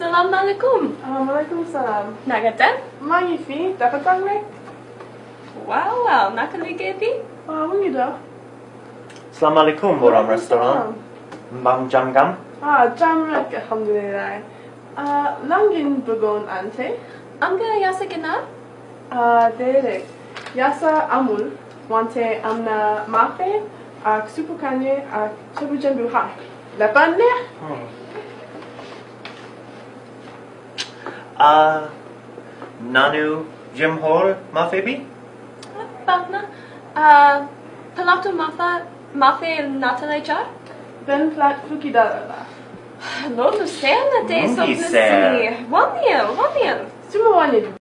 salaamaaleykum. maaleykum salaam. naka maa ngi fi dafa tàng rek. waaw waaw naka liggéey bi. waaw ah, mu ngi dox. salaamaaleykum borom restaurant. mbaam jàmm ngam. ah jàmm rek alhamdulilah. lan ngeen ante. am nga yaasa ginaar. ah yaasa amul wante am na maafe ak ah, suppu ah, kànja ak ceebu jën bu xar. la a nanu jimhor mafebi? Bakna, palatu mafa mafe natalechar? Ben flat fukidara. Låt oss se när det är som du ser. Vanjer, vanjer. Summa vanjer.